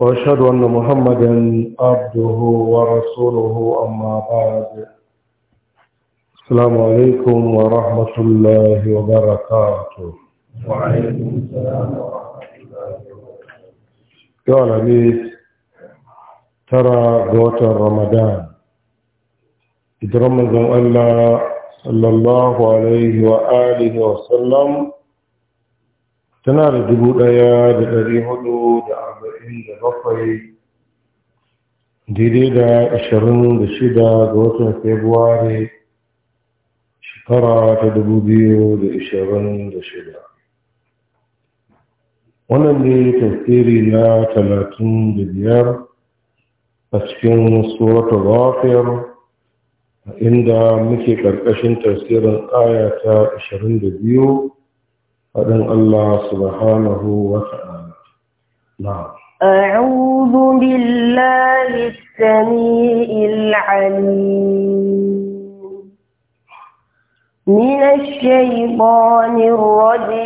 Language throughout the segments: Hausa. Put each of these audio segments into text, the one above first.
وأشهد أن محمدا عبده ورسوله أما بعد السلام عليكم ورحمة الله وبركاته وعليكم السلام ورحمة الله وبركاته يا ترى قوة رمضان إذ رمضان الله صلى الله عليه وآله وسلم tana da dubu ɗaya da ɗari hudu da arba'in da bakwai daidai da ashirin da shida ga watan februari shekara ta dubu biyu da ashirin da shida wannan ne tafsiri na talatin da biyar a cikin suratul rafiyar inda muke ƙarƙashin tafsirin aya ta ashirin da biyu أدن الله سبحانه وتعالى نعم أعوذ بالله السميع العليم من الشيطان الرجيم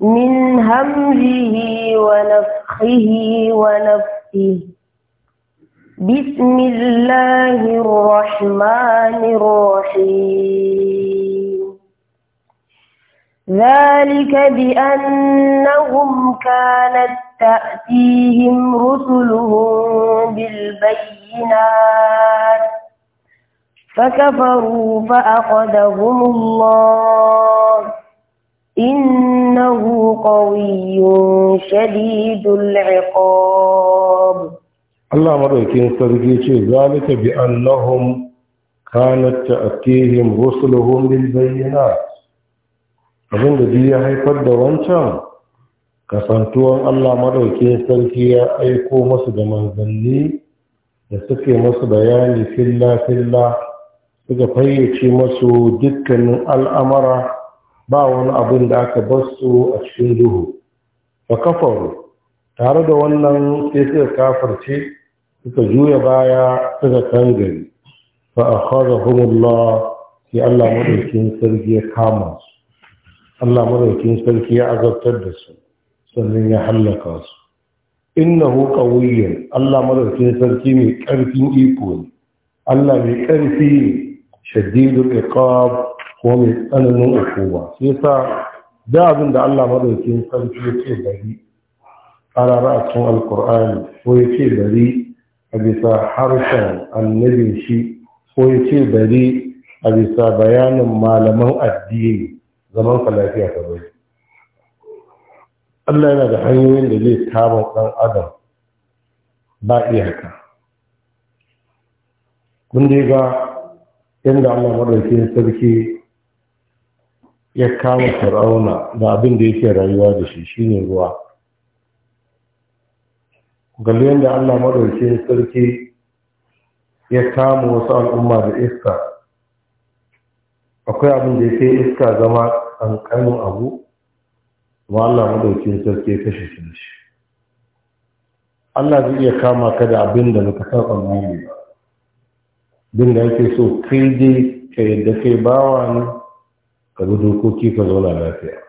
من همزه ونفخه ونفخه بسم الله الرحمن الرحيم ذلك بأنهم كانت تأتيهم رسلهم بالبينات فكفروا فأخذهم الله إنه قوي شديد العقاب الله يكين ترجيك ذلك بأنهم كانت تأتيهم رسلهم بالبينات abin da biyu ya haifar da wancan kasantuwan Allah maɗaukin sarki ya aiko masu da manzanni da suke masu bayani filla-filla suka fayyace masu dukkanin al'amara ba wani abin da aka basu a cikin duhu ba kafaru tare da wannan sai suka kafarce suka juya baya suka kangari fa akhadahumullah sai Allah maɗaukin sarki ya kama su Allah madaukin sarki ya azabtar da su sannan ya hallaka su innahu qawiyyun Allah madaukin sarki mai karfin iko ne Allah mai karfi ne shadidul iqab ko mai tsananin hukuma sai sa da abin da Allah madaukin sarki ya ce bari qarara cikin ko ya ce bari a bisa harshen annabin shi ko ya ce bari a bisa bayanin malaman addini zaman ka lafiya ka bai Allah yana da hanyoyin da zai kama ɗan adam ba iyaka kun dai ga inda Allah madaukakin sarki ya kama fir'auna da abin da yake rayuwa da shi shine ruwa galli yadda Allah madaukakin sarki ya kama wasu al'umma da iska akwai abin da yake iska zama ƙanƙanin abu kuma Allah madaukin sarki ya kashe shi shi Allah zai iya kama ka da abin da baka san tsammani ba bin da yake so kai dai ka yadda kai bawa ne ka bi dokoki ka zauna lafiya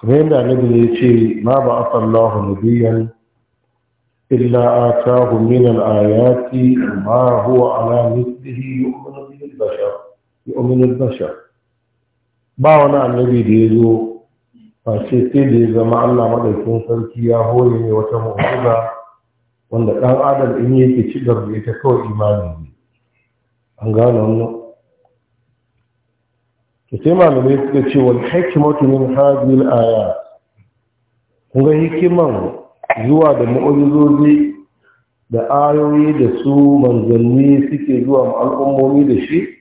kamar yadda annabi ya ce ma ba a sallahu nabiyan illa a ta al-ayati ma huwa ala mithlihi yu'minu bil bashar yu'minu ba wani annabi da ya zo a ce sai da ya zama allah maɗaukin sarki ya hore ne wata mu'ujiza wanda ɗan adam in yake ci gaba ita kawai imani ne an gano wannan Ke sai malamai suka ce wal hikmatu min hadhihi al-ayat kun ga hikiman zuwa da mu'ujizozi da ayoyi da su manzanni suke zuwa al'ummomi da shi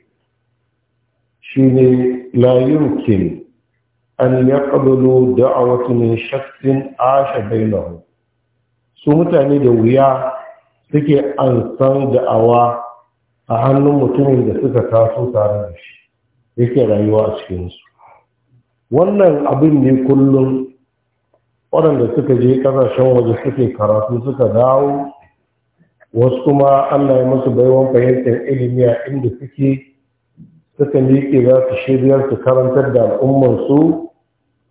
shine layin yumkin an a wata ne shakhsin asha bainahu su mutane da wuya suke an san awa a hannun mutumin da suka taso tare da shi yake rayuwa a cikinsu wannan abin ne kullum waɗanda suka je ƙasashen waje suke karatu suka dawo wasu kuma allah yi musu baiwan fahimtar ilimi a inda suke suka miƙe za su shiryar su karantar da su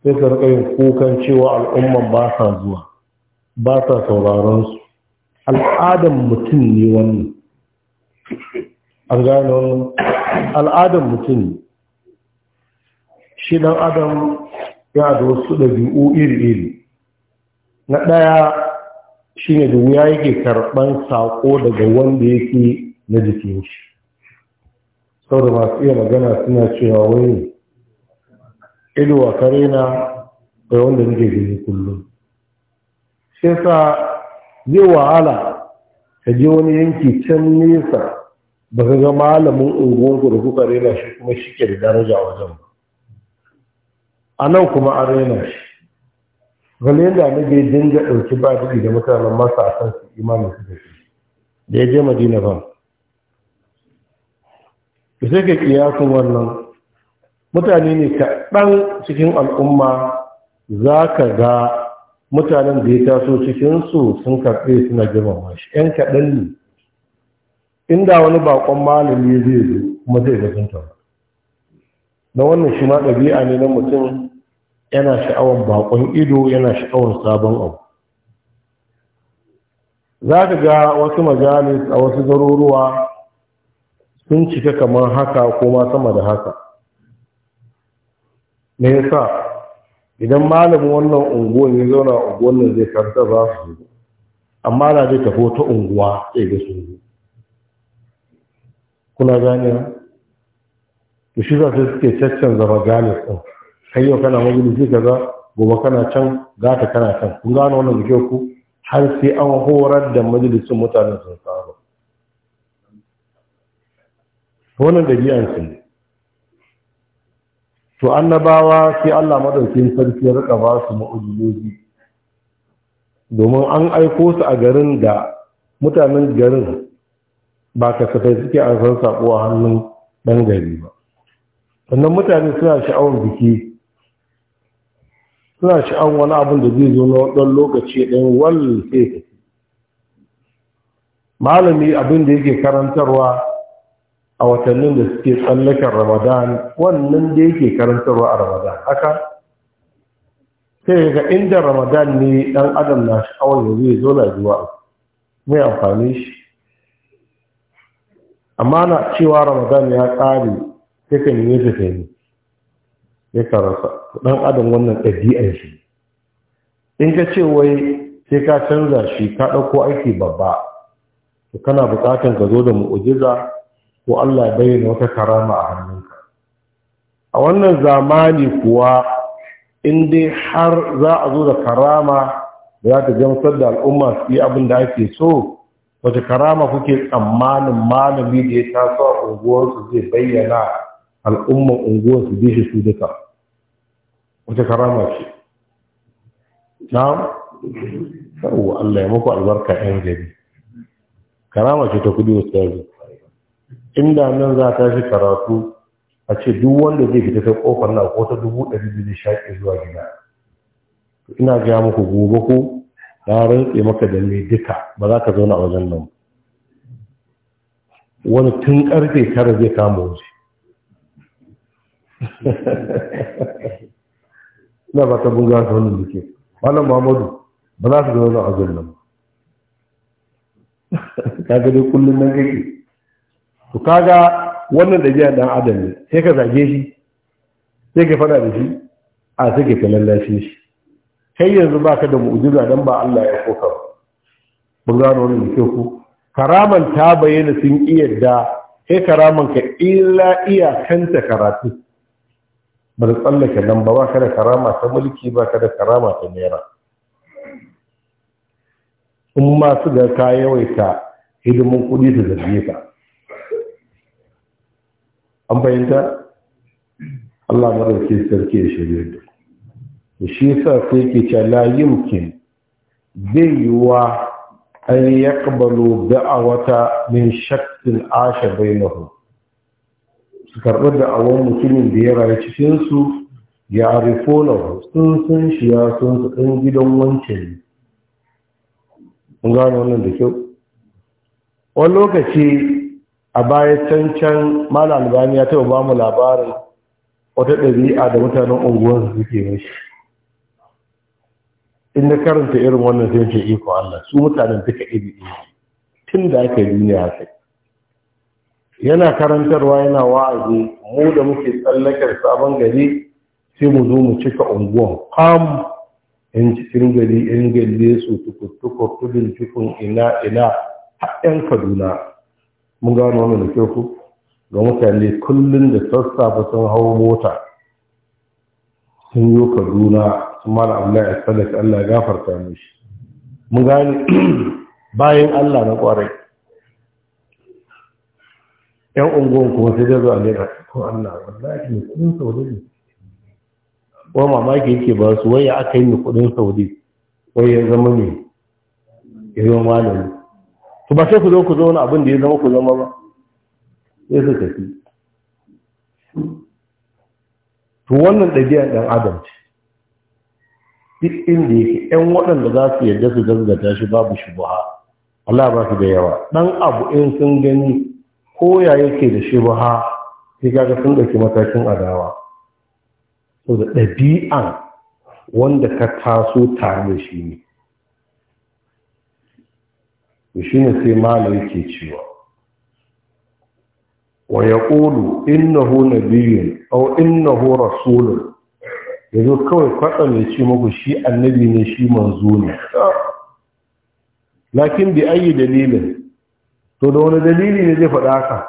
sai su rika yin kukan cewa al'umman ba sa zuwa ba sa sauraron su al'adan mutum ne wannan an gane wannan al'adan mutum ne shi dan adam ya da wasu ɗabi'u iri-iri na ɗaya shi ne da yake karɓan saƙo daga wanda yake na jikin shi saboda masu iya magana suna cewa Wani ido a kare na bai wanda nake gani kullum shi sa zai wahala ka je wani yanki can nesa ba ka ga malamin unguwanku da kuka rena shi kuma shi ke da daraja wajen ba a nan kuma an rena shi gani yadda na bai dinga ɗauki ba da mutanen masa a kan su imanin su da shi da ya je madina ba da sai kiyasun wannan mutane ne kaɗan cikin al'umma za ka ga mutanen da ya taso cikinsu sun karɓe suna girmama shi ‘yan kaɗan ne inda wani baƙon malami zai zo kuma zai ga ba. na wannan shi ma ɗabi'a ne na mutum yana sha'awar baƙon ido yana sha'awar sabon abu za ka ga wasu majalis a wasu garuruwa sun cika kamar haka ko ma sama da haka me yasa idan malamin wannan unguwar ya zauna a unguwar nan zai karanta za su zo amma na zai tafi wata unguwa sai ga su zo kuna gane to shi za su suke caccan zama gane ɗin kai yau kana zai kaza gobe kana can gata kana can kun gane wannan da ku har sai an horar da majalisun mutanen sun sa wannan ɗabi'ar su ne to annabawa sai Allah madaukin sarki ya rika ba su domin an aiko su a garin da mutanen garin ba kasafai suke an san sako a hannun ɗan gari ba sannan mutane suna sha'awar biki suna sha'awar wani abin da zai zo na ɗan lokaci ɗan wal sai malami abin da yake karantarwa a watannin da suke tsallakan ramadan wannan da yake karantarwa a ramadan haka sai ga inda ramadan ne dan adam na sha'awar ya zo na mai amfani shi amma na cewa ramadan ya tsari sai kan yi ta ne ya karasa dan adam wannan ɗabi'ar shi in ka ce wai sai ka canza shi ka ɗauko aiki babba to kana buƙatar ka zo da mu'ujiza to Allah bayyana wata karama a hannunka a wannan zamani kuwa in dai har za a zo da karama da za ta gamsar da al'umma su yi abin da ake so wata karama kuke tsammanin malami da ya taso a unguwarsu zai bayyana al'umman unguwarsu bishi su duka wata karama ce na yau Allah ya muku albarka 'yan gari karama ce ta kudi wasu inda nan za ta shi karatu a ce duk wanda zai fita ta kofar na ko ta dubu ɗari biyu shaƙi zuwa gida ina gaya muku gobe ko ya rantse maka da mai duka ba za ka zauna a wajen nan wani tun karfe tara zai kama waje ina ba ta bunga ta wani duke malam muhammadu ba za ka zauna a wajen nan ka ga dai kullum nan kake to kaga wannan da biya dan adam ne sai ka zage shi sai ka faɗa da shi a sai ka lallashe shi kai yanzu baka da mu'jiza dan ba Allah ya koka ba mun gano wani da ku karaman ta bayyana sun iyadda kai karaman ka illa iyakanta karatu ba da tsallake nan ba ba ka da karama ta mulki ba ka da karama ta naira in masu su ka yawaita hidimin kudi su zarge ka an fahimta Allah madauki sarki ya shirye da shi sa sai ke cewa la yumkin zai yiwa an yaqbalu da'awata min shakkin asha bainahu su karɓi da'awar mutumin da ya rayu cikin su ya na sun sun shi ya sun su ɗan gidan wancan mun gano wannan da kyau wani lokaci a baya can can mala albani ya taɓa bamu labarin wata ɗabi'a da mutanen unguwar su suke mashi inda karanta irin wannan sai ce iko Allah su mutanen duka iri iri tun da aka yi duniya sai yana karantarwa yana wa'azi mu da muke tsallakar sabon gari sai mu zo mu cika unguwan kam yan cikin gari yan gari su tukur tudun cikin ina ina har yan kaduna mun gano wani da kyau ku ga mutane kullum da sassafe sun hau mota sun yi kaduna sun mara Allah ya ka Allah ya gafarta mishi mun gani bayan Allah na kwarai yan unguwan kuma sai dai zo a lera ko Allah wallahi ne kudin saudi ne wa mamaki yake ba su waya aka yi ni kudin saudi wai ya zama ne ya zama malami to ba sai ku zo ku zo wani abin da ya zama ku zama ba Ya su tafi to wannan ɗabi'a ɗan adam ce duk inda yake ƴan waɗanda za su yarda su gazgata shi babu shubuha Allah ba su da yawa ɗan abu in sun gani ko ya yake da shubuha sai kaga sun ɗauki matakin adawa saboda ɗabi'an wanda ka taso tare da shi ne shi ne sai mala yake cewa wa ya yaqulu innahu nabiyyun aw innahu rasulun zo kawai kwatsa mai ce magu shi annabi ne shi manzo ne lakin bi ayi dalilin to da wani dalili ne zai faɗa haka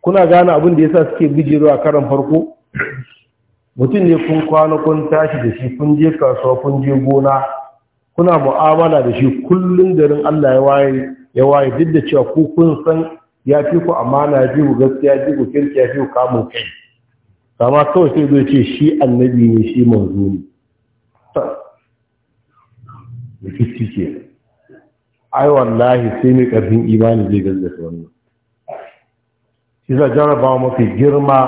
kuna gane abin da ya sa suke bijiro a karan farko mutum ne kun kwana kun tashi da shi kun je kasuwa kun je gona kuna mu'amala da shi kullum garin Allah ya waye ya waye duk da cewa ku kun san ya fi ku amana ya fi ku gaskiya ya fi ku kirki ya fi ku kamun kai amma kawai sai zai ce shi annabi ne shi manzo ne da fiski ke ai wallahi sai mai karfin imani zai gaskata wannan shi za jarabawa mafi girma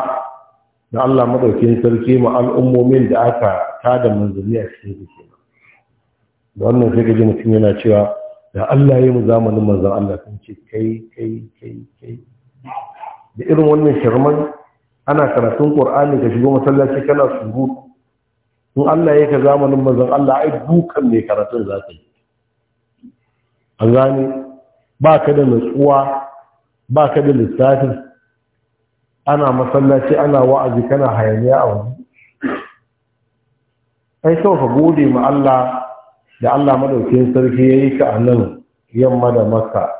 da Allah madaukin sarki ma al'ummomin da aka tada manzanni a cikin su da wannan sai gaji mutum yana cewa da Allah ya mu zamanin manzan Allah sun ce kai kai kai kai da irin wannan shirman ana karatun Qur'ani ka shigo masallaci kana surutu in Allah ya ka zamanin manzan Allah ai dukan mai karatun za ka yi an gane ba ka da nutsuwa ba ka da lissafin ana masallaci ana wa'azi kana hayaniya a wani ai kawai ka gode ma Allah da Allah madaukin sarki ya yi ka a nan yamma da maka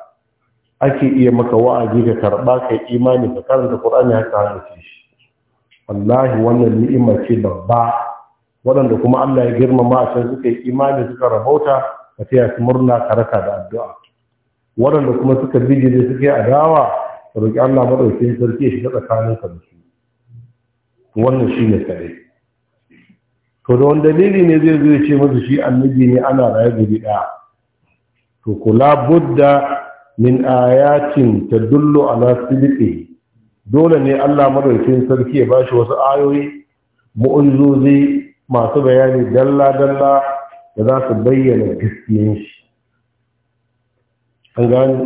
ake iya maka wa'azi ka karɓa ka imani ka karanta ƙur'ani haka ce shi wallahi wannan ni'ima ce babba waɗanda kuma Allah ya girmama a can suka yi imani suka rahota, ka taya su murna ka raka da addu'a waɗanda kuma suka bijire suka yi adawa ka roƙi Allah madaukin sarki ya shiga tsakaninka da su wannan shi ne kare to da wanda dalili ne zai zai ce masu shi annabi ne ana raye guri da, to kula budda min ayatin ta dullo ala silifi dole ne allah madaukin sarki ya bashi wasu ayoyi ma'unzozi masu bayani dalla-dalla da za su bayyana gaskiyan shi an gani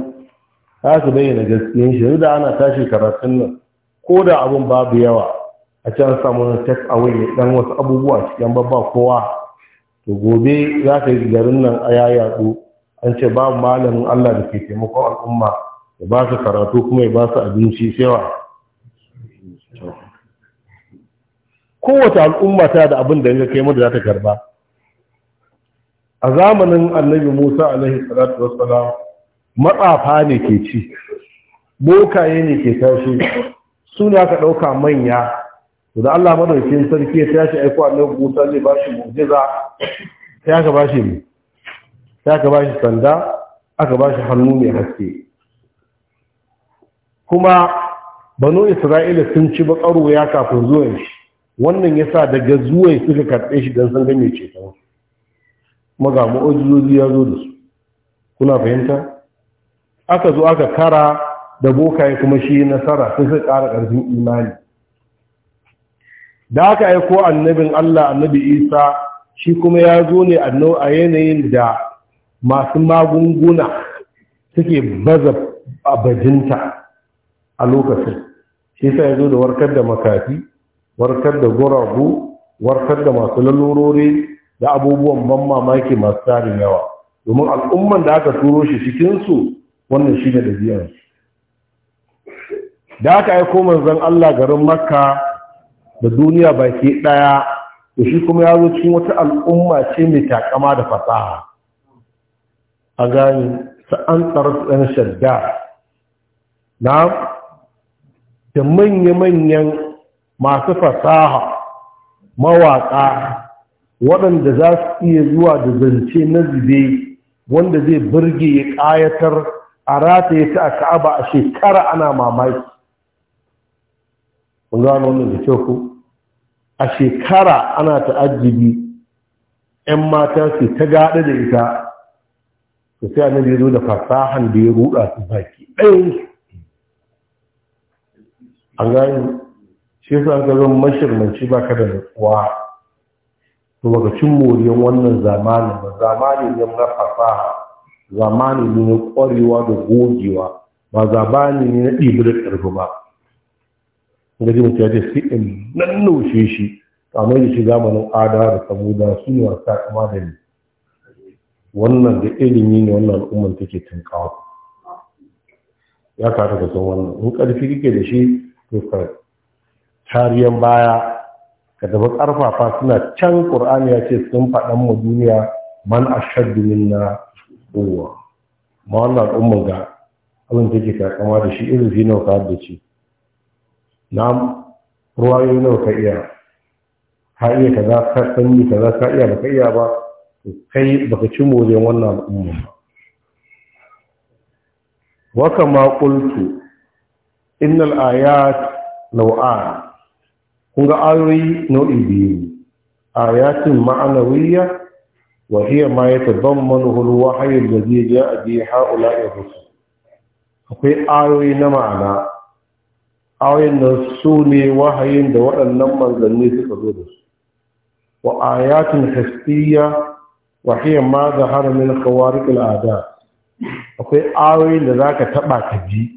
za su bayyana gaskiyan shi da ana tashi karatun nan ko da abin babu yawa a can samun take away dan wasu abubuwa cikin babba kowa to gobe za ka yi garin nan a ya an ce babu malamin Allah da ke taimakon al'umma ya ba su karatu kuma ya ba su abinci sewa kowace al'umma ta da abin da ya kai da za ta karba a zamanin annabi musa alaihi salatu wassalam matsafa ne ke ci bokaye ne ke tashi su ne aka ɗauka manya to da Allah madaukakin sarki ya tashi aiko annabi Musa zai bashi mu'jiza sai aka bashi mu sai aka bashi sanda aka bashi hannu mai haske kuma banu Isra'ila sun ci bakaro ya kafin zuwan shi wannan yasa daga zuwan suka karbe shi dan san ga ce ceto kuma ga mu'jizozi ya zo da su kuna fahimta aka zo aka kara da bokaye kuma shi nasara sai sai ƙara ƙarfin imani da aka aiko annabin Allah annabi Isa shi kuma ya zo ne a yanayin da masu magunguna suke baza a bajinta a lokacin shi sa ya zo da warkar da makafi warkar da guragu warkar da masu lalurori da abubuwan ban mamaki masu tarin yawa domin al'umman da aka turo shi cikinsu wannan shi ne da biyan da aka aiko manzon Allah garin makka da duniya baki ɗaya da shi kuma ya zo wata al'umma ce mai takama da fasaha a gani Ta an tsarar ɗan shadda na da manya-manyan masu fasaha mawaƙa waɗanda za su iya zuwa da zance na zube wanda zai birge ya ƙayatar a rataye ta a ka'aba a shekara ana mamaki mun gano wannan da kyau ku a shekara ana ta'ajjibi ‘yan mata su ta gaɗa da ita su sai annabi ya zo da fasahan da ya ruɗa su baki ɗaya an gani shi yasa ka zo mashirmanci ba ka da nutsuwa to baka cin moriyan wannan zamanin ba zamani ne na fasaha zamani ne na ƙwarewa da gogewa ba zamani ne na ɗibi da ƙarfi ba gaji mutu ya ce sai in nan naushe shi kamar da shiga manin ada da saboda su ne wasa kama da ni wannan da ilimi ne wannan al'ummar take tunkawa ya kata da san wannan in karfi kike da shi to ka tariyan baya ka tafi ƙarfafa suna can ƙur'ani ya ce sun faɗan mu duniya man ashaddu minna kowa ma wannan al'ummar ga abin take takama da shi irin zinau ka da shi na'am ruwayoyi nawa ka iya ka iya kaza ka sanyi kaza ka iya baka iya ba kai baka ci wajen wannan al'umma ba waka ma qultu innal ayat nau'a kun ga ayoyi nau'i biyu ayatin ma'anawiyya wa hiya ma yatadammanuhu al-wahyi alladhi ja'a bihi ha'ula'i rusul akwai ayoyi na ma'ana ayoyin nan su ne wahayin da waɗannan manzanni suka zo da su wa ayatun hasbiya wa hiya ma zahara min khawariq al'ada akwai ayoyin da zaka taba ka ji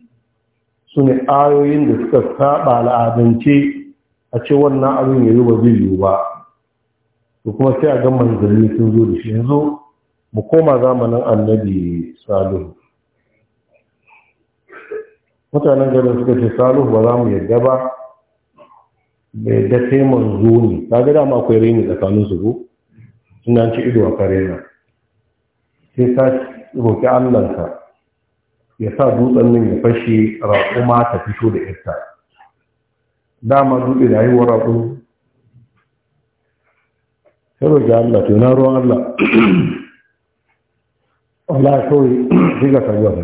su ne ayoyin da suka saba al'adance a ce wannan abin yayi ba zai yiwu ba to kuma sai a ga manzanni sun zo da shi yanzu mu koma zamanin annabi salihu mutanen garin suka ce salihu ba za mu yadda ba bai da sai manzo ne gada dama akwai raini tsakanin su ko ina ci ido a kare na sai ta roƙi Allah ya sa dutsen nan ya fashe raƙuma ta fito da ita dama dutse da haihuwar raƙuma sai roƙi Allah to ruwan Allah Allah kawai sai ka sabuwa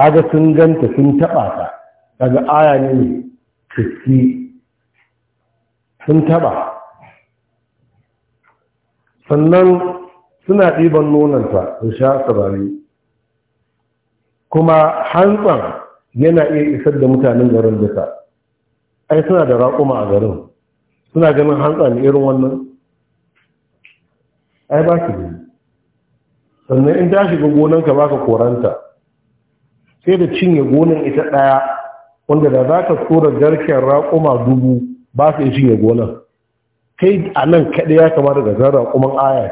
kaga sun ganta sun taba ta daga aya ne tafi sun taɓa sannan suna ɗiban nonanta su sha sabari kuma hantsan yana iya isar da mutanen garin duka ai suna da raƙuma a garin suna ganin hantsan irin wannan ai ba su gani sannan in ta shiga gonanka ba ka koranta sai da cinye gonan ita ɗaya wanda da za ka tsora garken raƙuma dubu ba su yi cinye gonan kai a nan kaɗai ya kamata daga zan raƙuman aya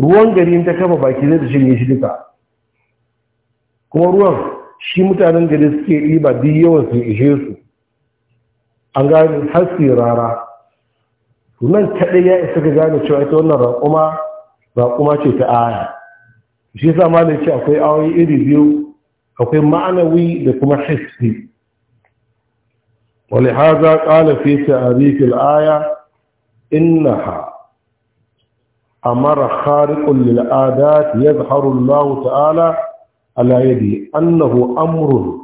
ruwan gari ta kafa baki zai ta cinye shi duka kuma ruwan shi mutanen gari suke ɗiba duk yawan su ishe su an gane haske rara nan kaɗai ya isa ka gane cewa ita wannan raƙuma raƙuma ce ta aya shi sa ma ce akwai awoyi iri biyu akwai ma'anawi da kuma hissi wale haza ƙala fi ta'arifil aya a amara khariqun lil adat yadhharu Allah ta'ala ala annahu amru.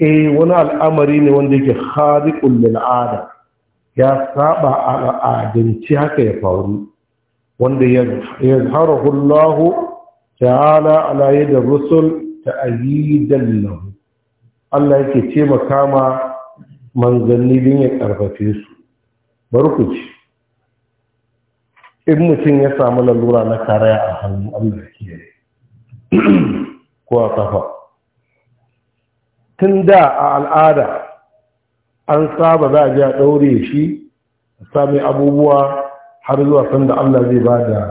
eh wani al'amari ne wanda yake khariqun lil ya saba al'adance haka ya faru wanda ya zaharahu Allah ta'ala ala yadda rusul ta'ayidan lahu Allah yake ce makama manzanni din ya karfafe su bari ci in mutum ya samu lalura na karaya a hannun Allah kiyaye ko a kafa tun da a al'ada an saba za a ji a ɗaure shi a sami abubuwa har zuwa sanda Allah zai ba da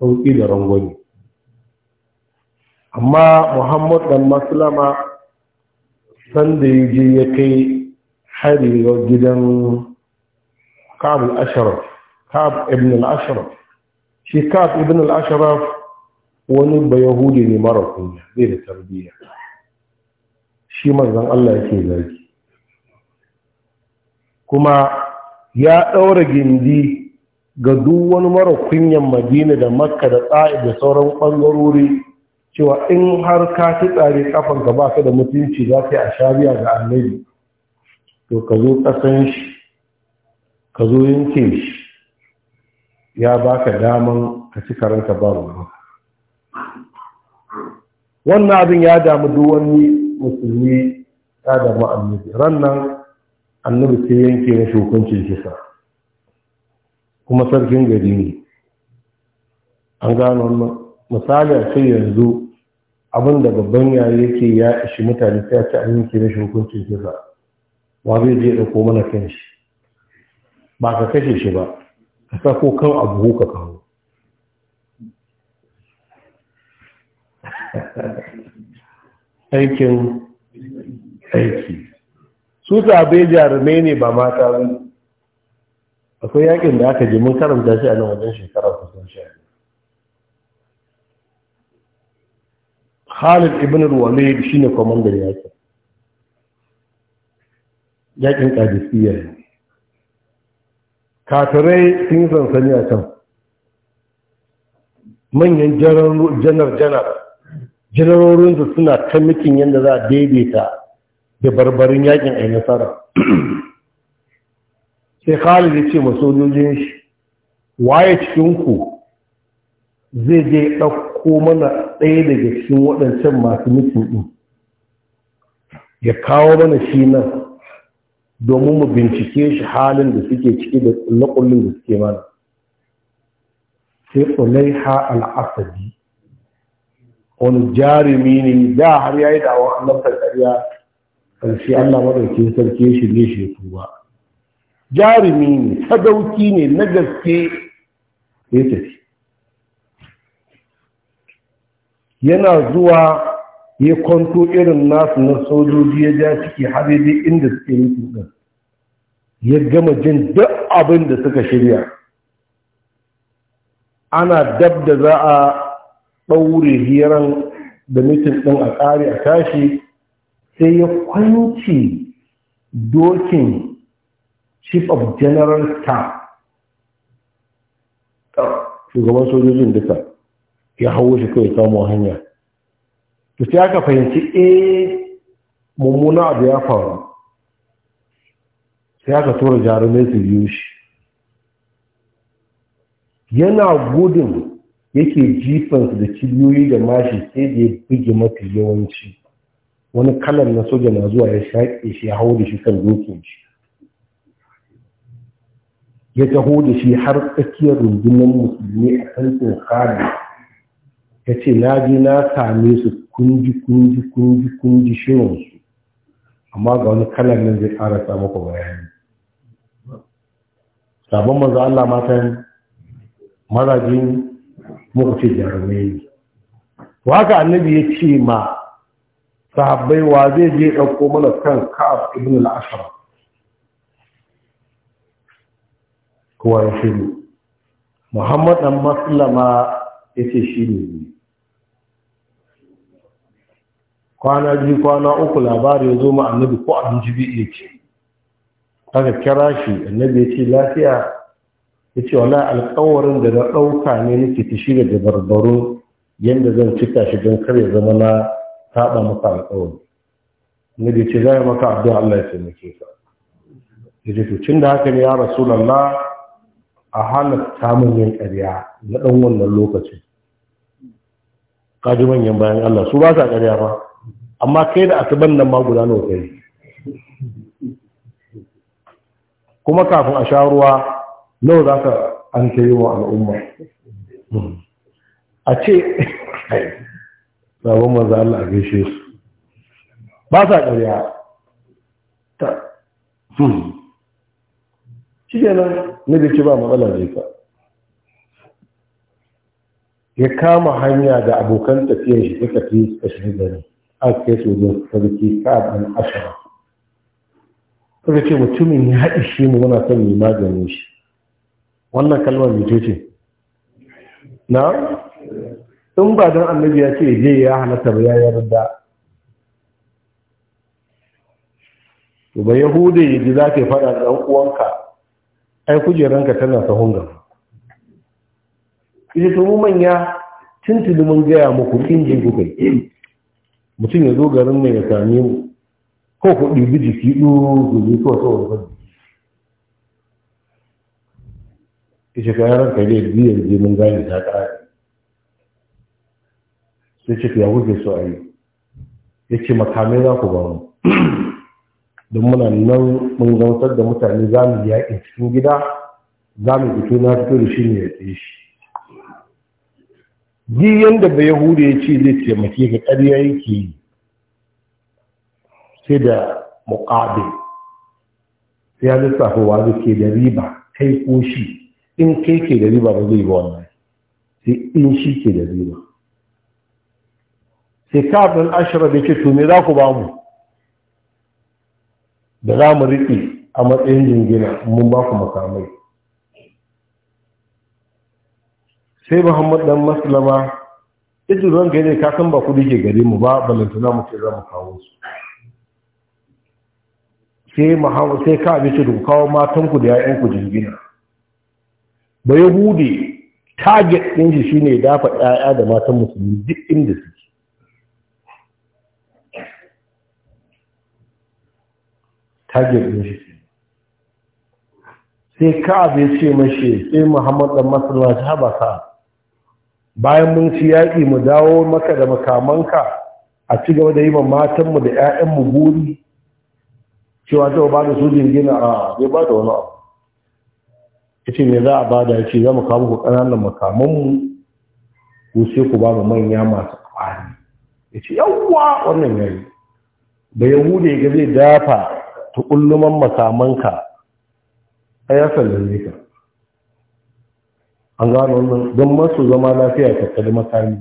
sauƙi da rangwani amma muhammad dan maslama sanda ya je ya kai hari ga gidan ka'ab al-ashraf ka'ab ibn al-ashraf shi kab ibn al-ashraf wani ba yahudi ne mara kunya zai da tarbiyya shi manzon Allah yake zaki kuma ya ɗaura gindi ga duk wani mara kunyan madina da makka da tsa'id da sauran ɓangarori cewa in har ka ci tsari kafan ka baka da mutunci za ka yi a shari'a ga annabi to ka zo ƙasan shi ka zo yanke shi ya baka daman ka ci karanta ba ruwa wannan abin ya damu duk wani musulmi ya damu annabi rannan annabi sai yanke na shukuncin kisa kuma sarkin gari ne an gano wannan misali a ce yanzu abin da babban yare yake ya ishi mutane sai a ce an yanke rashin hukuncin kisa wa zai je ko mana kan shi ba ka kashe shi ba ka sa ko kan abu ka kawo aikin aiki su sabai jarumai ne ba mata ba akwai yakin da aka je mun karanta shi a nan wajen shekara kusan sha Khalid ibn al-Walid shine komandar yakin yakin kadisiya kafirai sun sansani a can manyan janar janar janarorinsu suna ta mikin yadda za a daidaita da barbarin yakin a nasara sai khalid ya ce masojojin shi waye cikinku zai je ɗauko mana ɗaya daga cikin waɗancan masu mutum ɗin ya kawo mana shi nan domin mu bincike shi halin da suke ciki da tsallakullin da suke mana sai tsulaiha al'asadi wani jarumi ne da har yayi da awon annabtar kan ƙarshe allah maɗaukin sarki ya shirye shi ya tuba jarumi ne sadauki ne na gaske ya tafi yana zuwa ya kwanto irin nasu na sojoji ya ja ciki har yadda inda suke yi ɗin ya gama jin duk abin da suka shirya ana dab da za a ɗaure hiran da mutum ɗin a ƙari a tashi sai ya kwanci dokin chief of general staff shugaban sojojin duka ya hau shi kai samun hanya to sai aka fahimci eh mummuna abu ya faru sai aka tura jarumai su biyu shi yana gudun yake jifansu da cibiyoyi da mashi sai da ya buge mafi yawanci wani kalan na soja na zuwa ya shaƙe shi ya hau da shi kan dokin shi ya taho da shi har tsakiyar rundunar musulmi a tantin khali ya ce na je na same su kunji kunji kunji kunji shirinsu amma ga wani kalan nan zai ƙara sa maka bayani sabon manzo Allah matan marajin muku ce jarumai ne waka annabi ya ce ma sahabbai wa zai je ɗauko mana kan ka'ab ibn al kowa ya shiru muhammad dan maslama ya ce shi ne kwana biyu kwana uku labari ya zo ma annabi ko abinci bai iya ce aka kira shi annabi ya ce lafiya ya ce wala alkawarin da na ɗauka ne nake ta da barbaro yadda zan cika shi don kar ya zama na saba maka alkawari annabi ya ce za maka addu'a Allah ya taimake ka ya ce tun da haka ne ya lallah a halar samun yin karya na ɗan wannan lokacin kaji manyan bayan Allah su ba sa ƙarya ba amma kai da asuban nan ma guda nawa kai kuma kafin a sha ruwa nawa za ka an yi wa al'umma a ce sabon maza Allah a gaishe su ba sa ƙarya ta hmm. shi nan Ni da ba matsala zai ka ya kama hanya da abokan tafiyar shi suka fi suka shi gari a ke su wajen sarki ka'adan ashara suka ce mutumin ya haɗi shi mu muna son yi maganin shi wannan kalmar mai ce na in ba don annabi ya ce je ya halatta ba ya yarda ba yahudai ya ji za ka faɗa ɗan uwanka ai kujeranka tana sahun gaba ita to mu manya tuntuni mun gaya muku injin kuka yi mutum ya zo garin mai ya same ko ku ɗibi jiki ɗuru ne ko so wani ban ita ka yaran ka yi biyar je mun gane ta ƙara sai ce ya wuce so a yi ya ce makamai za ku ba mu don muna nan mun zautar da mutane za mu yaƙi cikin gida za mu fito na fito da shi ne ya tsaye shi duk yadda ba yahudu ya ce zai taimake ka ƙarya yake yi sai da muƙabil sai ya lissafa wa zai ke da riba kai ko shi in kai ke da riba ba zai ba wannan sai in shi ke da riba sai kafin ashirar da ke to me za ku ba mu da za mu riƙe a matsayin jingina mun ba ku makamai sai muhammad dan maslama idu ran gane ka san ba kudi ke gare mu ba balantana mu ce za mu kawo su sai muhammad sai ka abinci da ku kawo matan ku da ya'yan ku jingina ba yahudi target ɗin shi shine dafa ƴaƴa da matan musulmi duk inda suke target ne shi sai ka'ab ya ce mashi sai muhammad dan masalma ta haba bayan mun ci yaƙi mu dawo maka da makamanka a ci gaba da yi ma matanmu da 'ya'yanmu buri cewa ta ba da su gina a zai ba da wani abu ya ce me za a ba da ya ce za mu kawo ku ƙananan makamanmu ko sai ku ba mu manya masu ƙwari ya ce yawwa wannan yayi da yahudu ya ga zai dafa tukulluman makamanka a ya sallame ka an gano wannan don masu zama lafiya tsari makami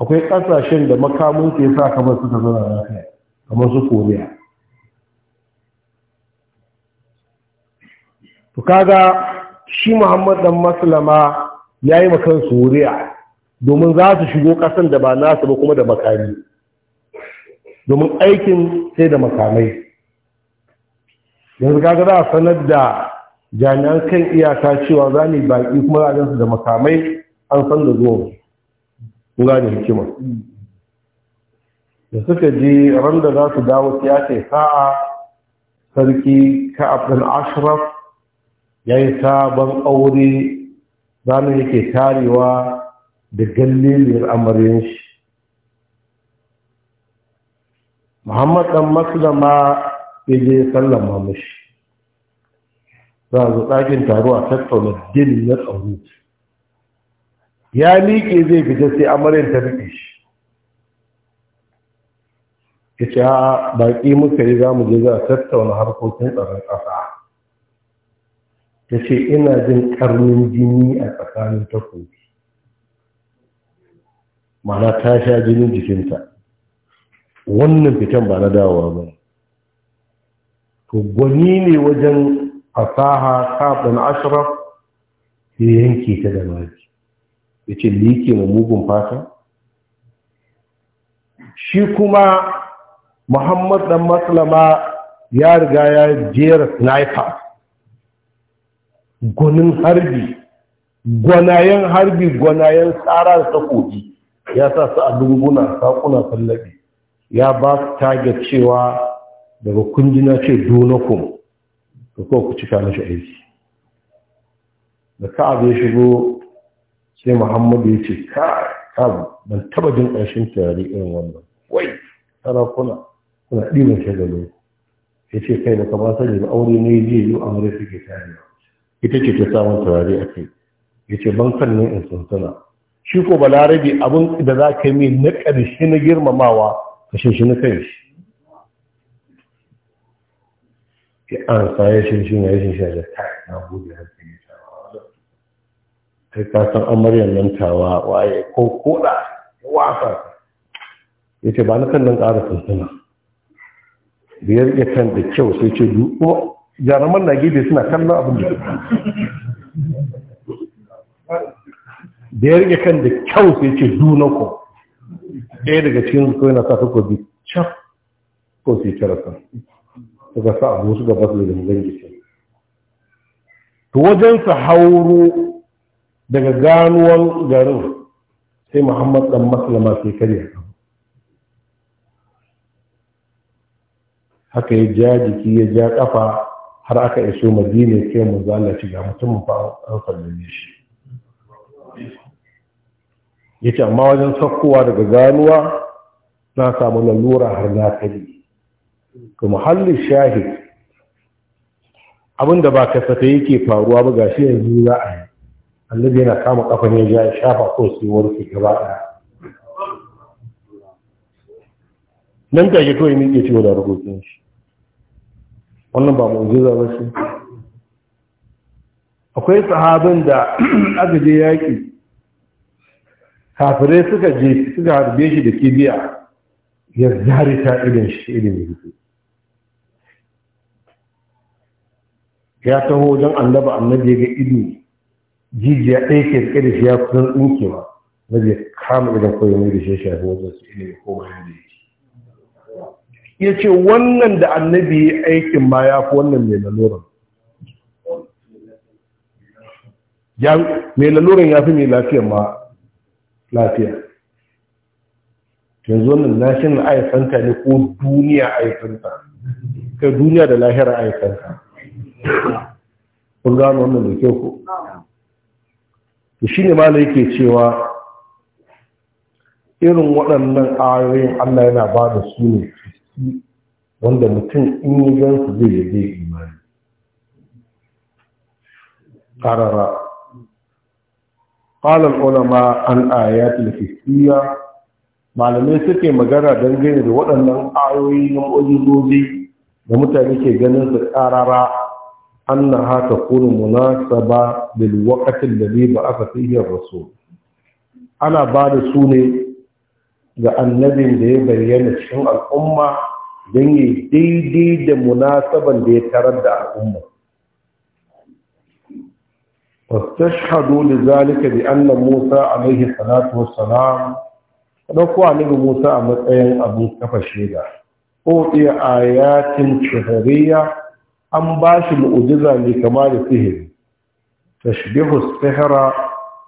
akwai ƙasashen da makamun ke sa kamar suka zana lafiya kamar su koriya to kaga shi muhammad dan maslama ya yi makan suriya domin za su shigo ƙasan da ba nasu ba kuma da makami domin aikin sai da makamai yanzu kaga za a sanar da jami'an kan iyaka cewa za ne baƙi kuma za su da makamai an san da zuwa kun gane hikima da suka je ran da za su dawo siyasa ya sa'a sarki ka abin ashraf ya yi sabon aure zanen yake tarewa da galliliyar amaryan shi muhammad dan maslama ya je sallama mashi za a zo ɗakin taro a tattauna din na tsaro ya miƙe zai fita sai amaryar ta riƙe shi ya ce a baƙi muka yi za mu je za a tattauna harkokin tsaron ƙasa ta ce ina jin ƙarnin jini a tsakanin takobi mana ta sha jinin jikinta wannan fitan ba na dawowa ba to gwani ne wajen fasaha kafin ashraf ya yanke ta da maji ya ce liki ma mugun fata shi kuma muhammad dan maslama ya riga ya jera sniper gwanin harbi gwanayen harbi gwanayen tsara da takobi ya sa su a dunguna sakuna sallabi ya ba su target cewa daga kundina ce donakum da kuma ku cika mashi aiki da ka'ab ya shigo sai muhammadu ya ce ka'ab ban taba jin ƙarshen turare irin wannan wai sarakuna kuna ɗiban shagalo ya ce kai da ka ba sani da aure ne ya yi wurin suke tarewa ita ce ta samun turare a kai ya ce ban kan ne in sun shi ko balarabi abin da za ka yi na ƙarshe na girmamawa na kai shi ya an saye na ya shinshi da kai na buɗe hankali kai ka san amaryan nan tawa waye ko koda wasa ya ce ba na kan nan ƙara tuntuna da ya kan da kyau sai ce duɓo jaruman na gefe suna kallon abin da da ya rike kan da kyau sai ce dunako ɗaya daga cikin su na sa bi cap ko sai tara sa suka sa abu suka ba su da gishi to wajen su hauro daga ganuwan garin sai muhammad dan maslama sai karya haka ya ja jiki ya ja kafa har aka iso madina ya kai mu zalaci ci ga mutumin fa an sallame shi ya ce amma wajen saukowa daga ganuwa na samu lalura har na kari to muhallin shahid abinda ba kasafe yake faruwa ba gashi yanzu za a yi annabi yana kama kafa ne ya shafa ko sai warke gaba ɗaya nan take kawai miƙe ciwo da rubutun shi wannan ba mu'jiza ba shi akwai sahabin da aka je yaƙi kafirai suka je suka harbe shi da kibiya ya ta irin shi irin yanzu ya taho don annaba annabi ga ido jijiya ɗaya ke rike da shi ya kusan tsinkewa na zai kama idan kawai mai da shi shafi wajen su ilimi ko bayan da yake ya ce wannan da annabi ya aikin ma ya fi wannan mai laluran mai laluran ya fi mai lafiyar ma lafiya yanzu wannan nashin aifanta ne ko duniya aifanta kai duniya da lahira aifanta kun gano wannan da kyau ko shi ne mana yake cewa irin waɗannan ayoyin Allah yana ba da su ne wanda mutum in yi gansu zai yi zai imani ƙarara Falon ulama an ayat malamai suke magana dangane da waɗannan ayoyi na mu'jizozi da mutane ke ganin su karara annaha takunu munasaba lil waqti alladhi ba'atha fihi ar-rasul ana ba da su ne ga annabin da ya bayyana cikin al'umma don yi daidai da munasaban da ya tarar da al'umma واستشهدوا لذلك بأن موسى عليه الصلاة والسلام ɗauko annabi Musa a matsayin abin kafa shaida ko iya ayatin shahariya an ba shi mu'ujiza mai kama da sihiri tashbihu sihra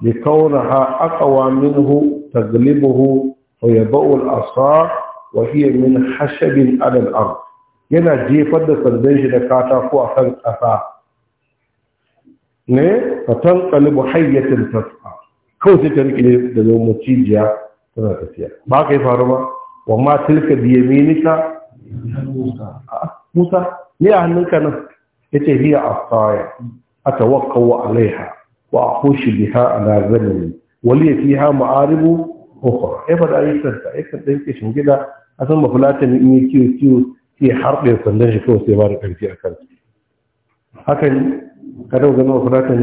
li kawnaha aqwa minhu taglibuhu wa yadau al-asa wa hiya min hashabin ala al yana jefar da sandan shi da katako akan ƙasa ne fatan kalibu hayyatin tas'a kawai sai ta rike da zama jiya tana tafiya ba ka yi faru ba wa ma tilka biyaminika musa ne a hannunka nan yace hiya asaya a alaiha wa ahushu biha Wani ya fi ha ma'aribu ukhra ai fa da yisanta ai kan dinke shingida asan ba fulata ne in yi kiyo kiyo sai harbe sandan shi kawai sai ba da karfi a kansa haka yi kada ku gano wasu haka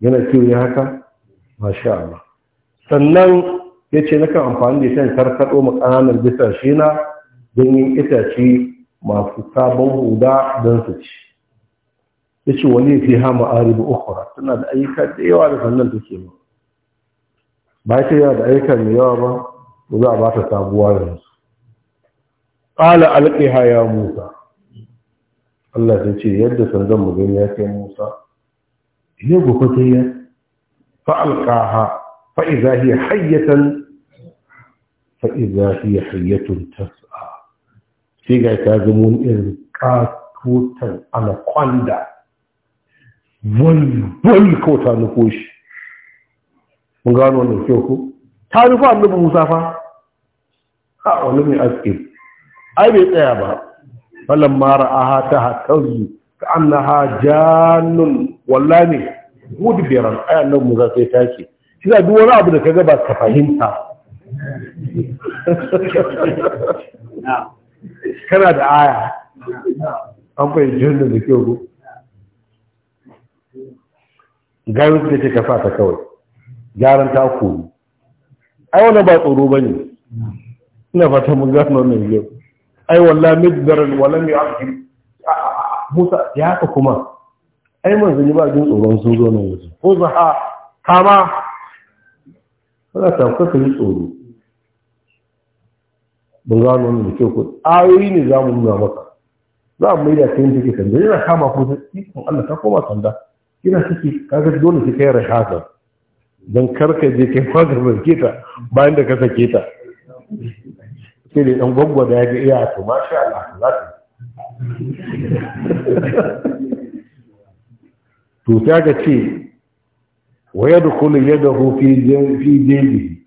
yana kiwo ya haka masha Allah sannan ya ce nakan amfani da shan karkaɗo ƙananan bisa shi na don yin itace masu sabon huda don su ci ya ce wani fi ha ma'aribu ukura tana da ayyuka da yawa da sannan take ba ya ta yawa da ayyuka mai yawa ba ko za a ba ta sabuwa yanzu ƙala alƙiha ya musa Allah ta ce yadda zan mu gani ya ce Musa ya gufa ta yi Fa idza hiya fa idza hiya hayyatun tas'a sai ga ta zama irin ƙatotan anaconda wani ko ta nufo shi mun gano wannan kyau ko ta nufo annabi musa fa ha wani mai aske ai bai tsaya ba falamma ra'aha Ka annaha jannun wallahi mudbiran ay nan mu za sai take shi da duk abu da kaga ba ka fahimta kana da aya an fahimci da da kyau ko gawo da ce kafa ta kawai gyaran ta koyi ai wannan ba tsoro bane ina fata mun gano wannan yau ai wallahi midbaran walam ya'qil Musa ya haka kuma ai manzanni ba jin tsoron sun zo nan waje ko ka kama kada ta kuka yi tsoro Ban gano wannan da kyau ko ayoyi ne za mu nuna maka za mu maida kai take sanda yana kama ko sai kun Allah ta koma sanda kina kike kaga dole ki kai rahasa dan karka je kai fadar barketa bayan da ka sake ta sai da ɗan da ya ga iya to masha Allah za ta to ta ga ce wa ya da kulun ya da fi jeji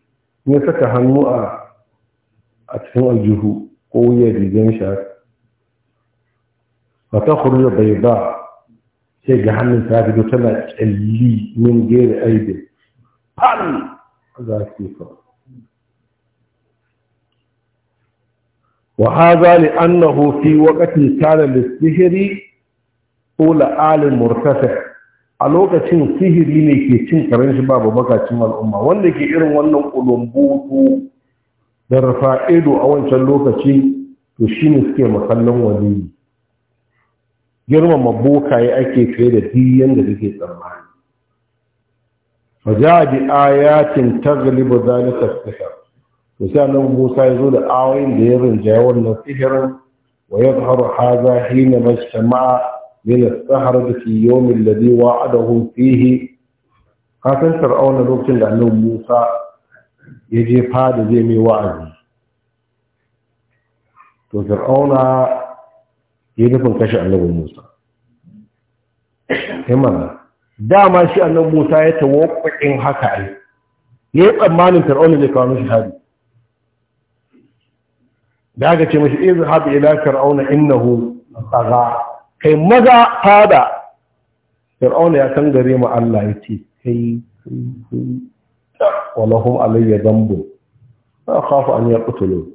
ya saka hannu a a cikin aljihu ko da rigen sha ba ta kuru da bai ba sai ga hannun ta fito tana kyalli min gere aibe fal za su yi kawai وهذا لأنه في وقت كان للسحر طول آل مرتفع a lokacin sihiri ne ke cin karen shi babu bakacin al'umma wanda ke irin wannan ulumbutu da rufa ido a wancan lokaci to shine ne suke makallon waliyi girmama bokaye ake fiye da diyan da suke tsammani fajaji ayatin taglibu zalika sihir misali sai Musa ya zo da awayin da ya rinjaya wannan sihirin wa yadhharu hadha hina majtama'a min as-sahrati fi yawm wa, wa'adahum fihi kafin fir'auna lokacin da annabi Musa ya je fada zai mai wa'azi to fir'auna ya nufin kashe annabi musa himana dama shi annabi musa ya tawakkuin haka ai ya yi tsammanin fir'auna zai kawo mishi hadi da aka ce mashi izu haɗu, ila fir'auna innahu tsaga kai maza fada fir'auna ya san gare mu Allah ya ce kai walahum alayya dambu ba kafa an yaqtulu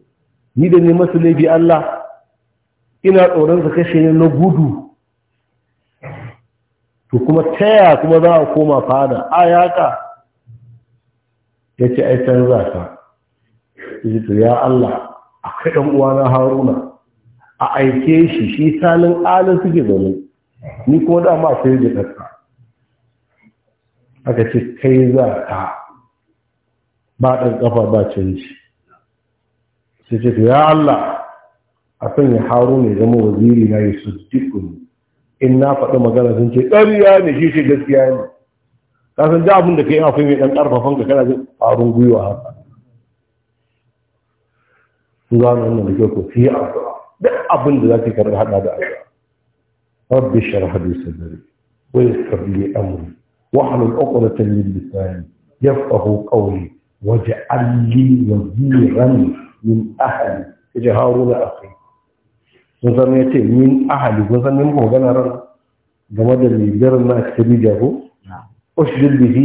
ni da ne masu laifi Allah ina tsoron su kashe ne na gudu to kuma taya kuma za a koma fada ayaka ka ya ce zaka za ka ya Allah akwai ɗan uwana haruna a aike shi shi salin alin suke zaune ni kuma da ma sai da kasa aka ce kai za ka ba ɗan ƙafa ba canji sai ce ya Allah a sanya haruna ya zama waziri na yi su dukkan in na faɗi magana sun ce ƙarya ne shi ce gaskiya ne kasan ji abin da ka yi akwai mai ɗan ƙarfafan ka kana zai ƙwarin gwiwa haka sun gano wannan da kyau ko fi addu'a duk abin da za ka karɓi haɗa da addu'a rabbi sharh li sadri wa yassir li amri wa hlul 'uqdatan min lisani yafqahu qawli waj'al li waziran min ahli kaje haruna akhi sun san ya ce min ahli kun san min magana ran game da rigar na kirija ko ushdil bihi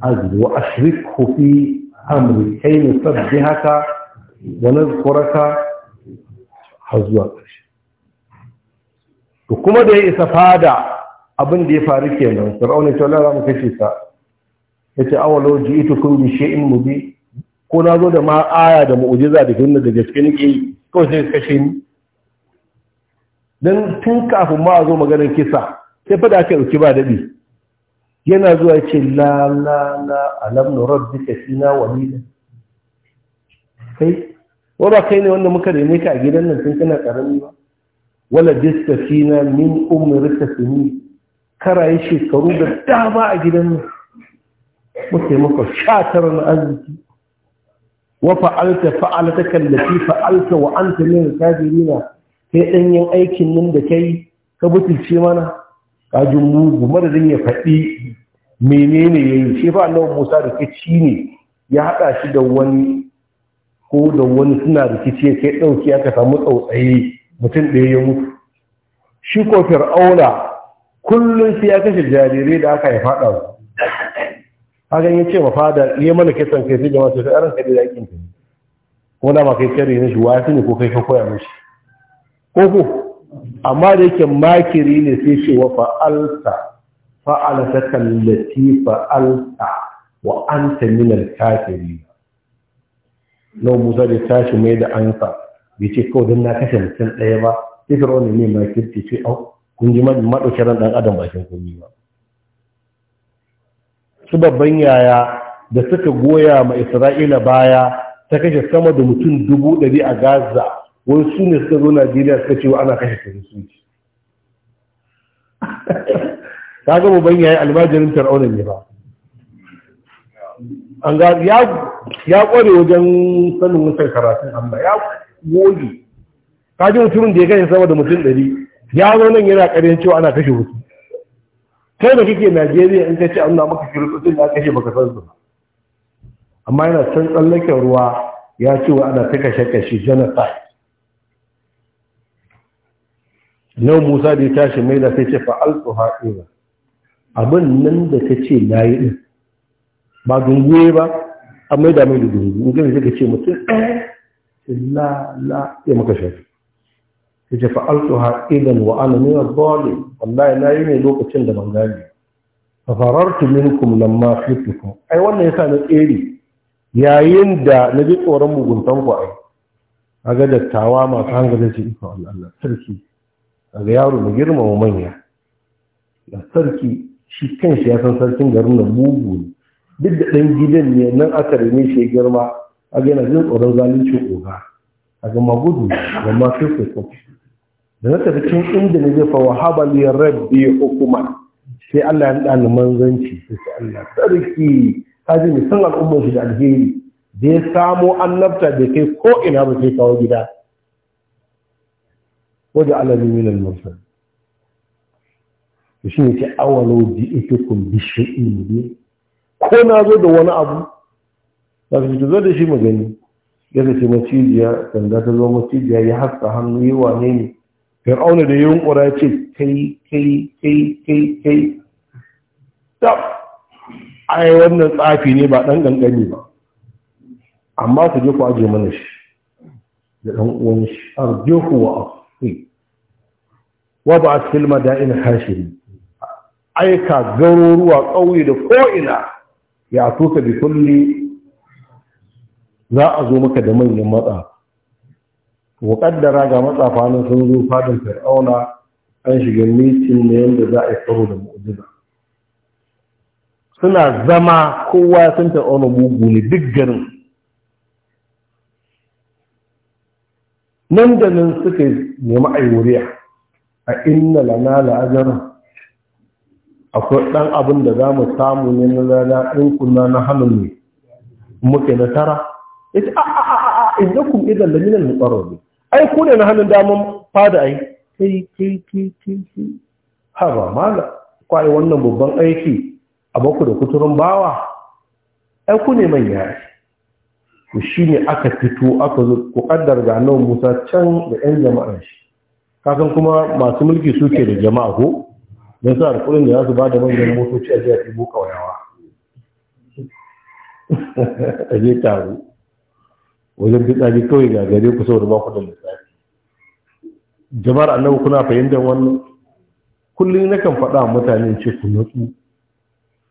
azri wa ashrikhu fi amri kai nusabbihaka wa nazkuraka har zuwa ƙarshe to kuma da ya isa fada abin da ya faru kenan fir'auna ta Allah mu kashe sa yace awalau ji'tukum bi shay'in bi? ko na zo da ma aya da mu'jiza da kunna da gaske nake kawai sai kashe ni dan tun kafin ma zo maganar kisa sai fada ake dauki ba daɗi. yana zuwa ce la la la alam nurabbika fina walida kai wa ba kai ne wanda muka rene ka a gidan nan sun kana karami ba wala jista fina min umrika sini karaye shekaru da dama a gidan nan muke maka shatar na arziki wa fa'alta fa'alta kallati fa'alta wa anta min sai kai yin aikin nan da kai ka butulce mana kajin mugu madadin ya faɗi menene yayi shi fa Allah Musa da kici ne ya haɗa shi da wani ko da wani suna rikici ya kai ɗauki aka samu tsautsaye mutum ɗaya ya mutu shi ko fir'auna kullum sai ya kashe jarirai da aka haifa su hakan ya ce ma fada ya mana kisan kai sai jama'a sai aran kai da yakin ta ko da ma kai kare ne shi wasu ne ko kai ka koya mashi ko ko amma da yake makiri ne sai ce wa fa'alta fa'alta kallati fa'alta wa anta min al-kafirin na musa da tashi mai da ansa bai ce kawai don na kashe mutum ɗaya ba sai fir'auna ne mai kirti ce au kun ji maɗauke ran ɗan adam bakin komi ba su babban yaya da suka goya ma isra'ila baya ta kashe sama da mutum dubu ɗari a gaza wani su ne suka zo najeriya suka ce wa ana kashe kiristoci ta ga ban yaya almajirin fir'auna ne ba an ga ya kware wajen sanin wutar karatun Allah ya goge kaji mutumin da ya kashe sama da mutum ɗari ya zo nan yana ƙarin cewa ana kashe wasu kai da kake Najeriya in ka ce Allah maka kiristocin da kashe baka san su amma yana can tsallaken ruwa ya ce wa ana ta kashe kashe genocide nan Musa da ya tashi mai da sai ce fa'al tsoha abin nan da ta ce na yi ɗin ba dunguye ba Amai maida mai da dungu in gani zai ce mutum ɗaya eh, la la ya maka shafi ya ce fa'altu ha idan wa ana nuna dole wallahi na yi ne lokacin da ban gane fa farartu minkum lamma fitukum ai wannan yasa na tsere yayin da na ji tsoron muguntan ku ai a ga dattawa masu zai ce ifa Allah sarki a ga yaro mai girmama manya da sarki shi kanshi ya san sarkin garin nan mugu ne duk da ɗan gidan ne nan aka rene shi girma a gina jin tsoron zalunci oga a gama gudu da ma sai sai da na tafi cin inda ne zai fawa habali rabbi hukuma sai Allah ya nada manzanci sai Allah sarki kaji ne san al'ummar shi da alheri da ya samo annabta da kai ko ina ba sai kawo gida wajen alamin al-mursal to ne ce awalo bi ikikun bi ne ko na zo da wani abu su ka zo da shi mu gani ya zace macijiya sanda ta zo macijiya ya haska hannu yi wane ne auna da yunkura ce kai kai kai kai kai ta ai wannan tsafi ne ba ɗan gangani ba amma ku je ku aje mana shi da ɗan uwan shi arjuhu wa afi wa ba a fil madain hashiri aika garuruwa ƙauye da ko'ina ya tuka bi kulli za a zo maka da manyan matsa wa kaddara ga matsafa nan sun zo fadin fir'auna an shiga mitin ne yadda za a yi karo da mu'jiza suna zama kowa sun fir'auna bugu ne duk garin nan da nan suka nemi aiwuriya a inna lana la'ajarin akwai ɗan abin da za mu samu ne na rana ɗin kuna na hannun ne muke na tara ya ce a'a'a'a a a idan kun da minan mu tsaro ne ai ku ne na hannun damar fada ai kai kai kai kai kai ha ba mala kwaye wannan babban aiki a baku da kuturin bawa ai ku ne manya ku shi ne aka fito aka zo ku kaddar ga musa can da yan jama'a shi kasan kuma masu mulki suke da jama'a ko don sa alƙulin da za su ba da manyan motoci a jiya ɗibo ƙauyawa a je taro wajen tsaji kawai ga gare ku saboda ba ku da lissafi jama'ar annabi kuna fahimtar wannan kullum na kan faɗa mutane ce ku natsu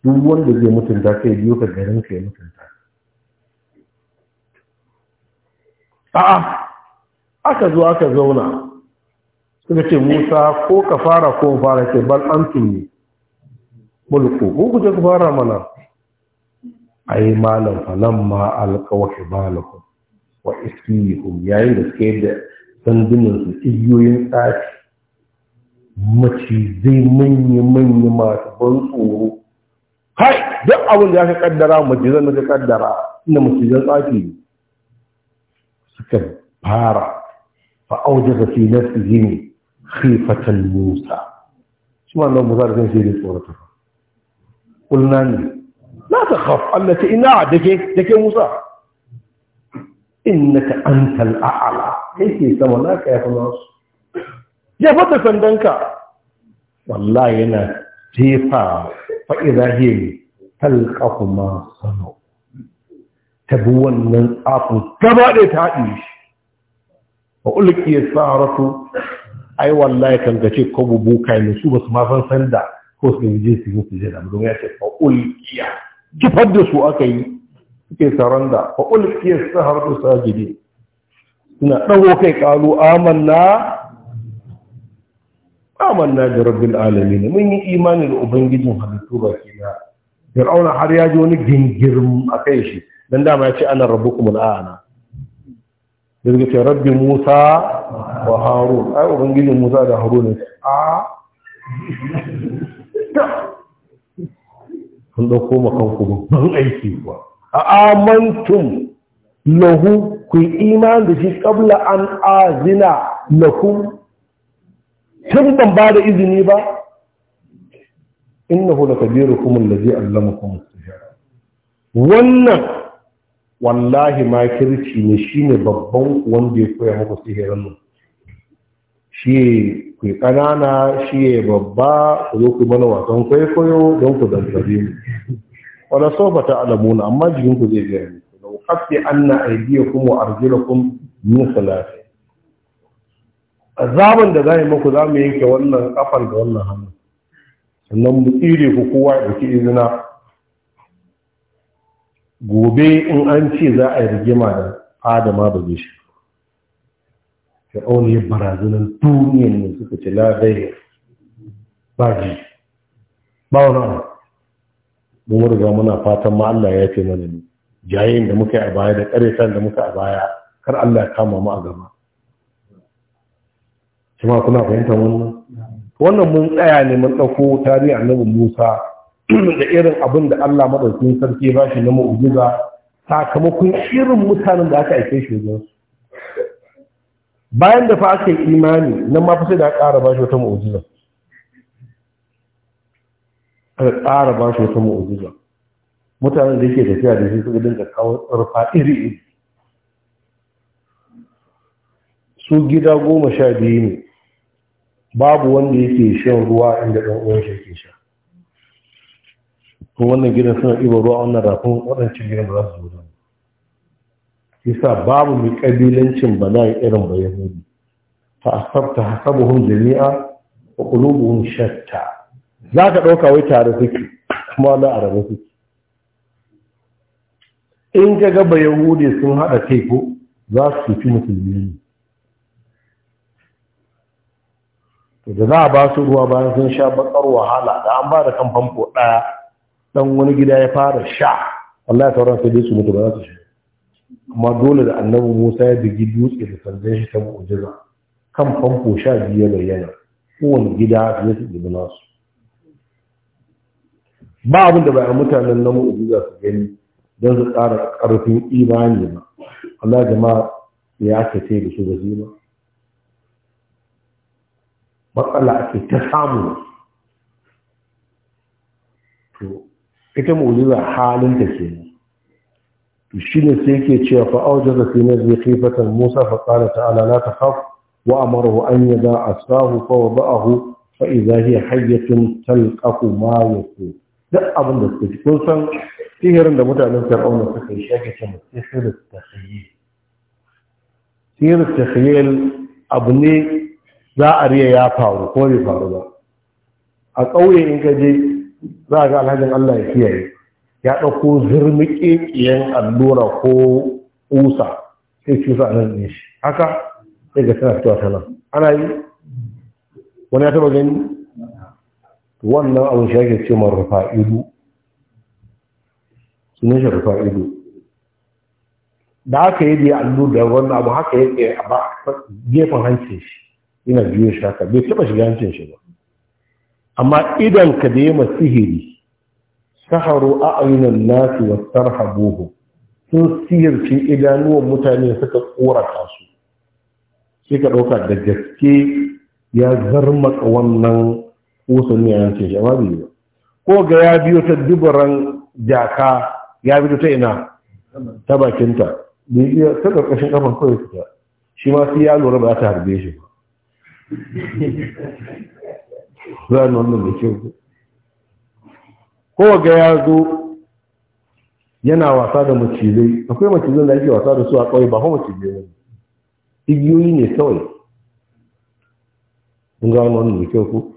duk wanda zai mutunta kai biyo ka garin ka ya mutunta a'a aka zo aka zauna suka ce musa ko ka fara ko fara ce bal an tuni mulku ko ku ce ku fara mana ai malam falan ma alqaw hibalahum wa ismihum yayin da suke da sandunan su igiyoyin tsafi macizai manya-manya masu ban tsoro hai duk abin da ya ka kaddara zan da ka kaddara inda zan tsaki suka fara fa'aujar da fi nafsi ne khifatan musa shi nan musa da kan shi ne tsoratar kulna ne na ta khaf Allah ina da ke musa innaka antal a'la yake sama na ka yafa nasu ya fata sandanka wallahi yana jefa fa idza hiya talqahu sanu tabi wannan tsafin gaba da ta haɗe shi wa ulki ya saratu ai wallahi kan ga ce ko bubu kai ne su ba su ma san sanda ko su je su je da don ya ce fa ulkiya da su aka yi suke saranda fa ulqiya su sajidi suna dago kai kalu amanna amanna da rabbil alamin mun yi imani da ubangijin halittu ba ke da fir'auna har ya ji wani gingirin a kai shi dan dama ya ce ana rabbukum al'ana daga suka ce rabbi musa wa harun ai ubangijin musa da harun ne a sun ɗauko makanku ban aiki ba. a amantum lahu ku yi iman da shi ƙabla an azina lahu tun ban ba da izini ba innahu kabiru allazi allamakum allama kuma. wannan wallahi kirci ne shine babban wanda ya koya muku sihirin nan shi kai kanana, shi ya babba ku zo ku mana wasan kwaikwayo don ku dantabe mu wala so ba ta alamuna amma jikin ku zai gaya muku da ukafi anna kuma wa arjulakum min A azaban da zai muku za mu yanke wannan kafar da wannan hannu sannan mu tsire ku kowa ya ɗauki izina gobe in an ce za a yi rigima da adama ba zai shi auni ya barazanar duniyan ne suka ce ladai ba ji ba wani abu mun riga muna fatan ma Allah ya ce mana ne jayin da muka yi a baya da ƙaretan da muka a baya kar Allah ya kama mu a gaba shi ma kuna fahimtar wannan wannan mun tsaya ne mun ɗauko tarihi annabi Musa da irin abin da Allah madaukakin sarki ya bashi na mu'ujiza, sakamakon irin mutanen da aka aike shi wajen su bayan da fa aka yi imani nan ma fi sai da ƙara shi wata mu'ujiza. aka ƙara shi wata mu'ujiza. mutanen da yake tafiya da shi suka dinga kawo tsarfa iri iri su gida goma sha biyu ne babu wanda yake shan ruwa inda ɗan uwan shi yake sha ko wannan gidan suna ɗiba ruwa wannan rafin waɗancan gidan ba za su zo da yasa babu mai ƙabilancin bala'i irin ba yahudi ta asabta hasabuhum jami'a wa qulubuhum shatta za ka ɗauka wai tare suke kuma wani arabe suke in ka gaba yahudi sun haɗa teku, za su fi musulmi to da za a ba su ruwa bayan sun sha bakar wahala da an ba da kan famfo ɗaya dan wani gida ya fara sha wallahi sauran sai dai su mutu ba za su sha amma dole da annabi Musa ya bigi dutse da sandan shi ta mu'jiza kan famfo sha biyu ya yana, kowane gida ya su ɗibi nasu ba abin da bayan mutanen na mu'jiza su gani don su ƙara ƙarfin imani ba Allah jama'a ya ake ce da su da ba matsala ake ta samu to ita mu'jiza halin ta ke shi ne sai yake cewa fa awjaza fi nazmi khifatan musa fa qala ta'ala la takhaf wa amarahu an yada asahu fa wada'ahu fa idha hiya hayyatun talqafu ma yaqu duk abin da suke kun san sihirin da mutanen fir'auna suka yi shaka ce sihirin takhayyul sihirin takhayyul abu ne za a riya ya faru ko bai faru ba a ƙauye in ka je za ga alhajin Allah ya kiyaye ya ɗauko zirmiƙeƙiyen allura ko ƙusa sai cusa nan ɗin shi haka sai ga tana fitowa ta nan ana yi wani ya taɓa gani wannan abin shi ake ce man rufa ido sunan shi rufa ido da aka yi biya allura da wannan abu haka yake a gefen hancin shi yana biyo shi haka bai taɓa shiga hancin shi ba amma idan ka da yamma sihiri saharu a ainihin nasu wasar habuhu sun sihirci idanuwan mutane suka korata su sai ka ɗauka da gaske ya zarmaka wannan kusan ne yanke shi amma ba. ko ga ya biyo ta dubaran jaka ya biyo ta ina ta bakinta da iya ta ƙarƙashin ƙafan kawai fita shi ma sai ya lura ba ta harbe shi ba zan wannan da kyau kowaga ya zo yana wasa da macizai akwai macizan da ake wasa da su a kawai ba kuma macizai ne igiyoyi ne kawai in gano wannan da kyau ku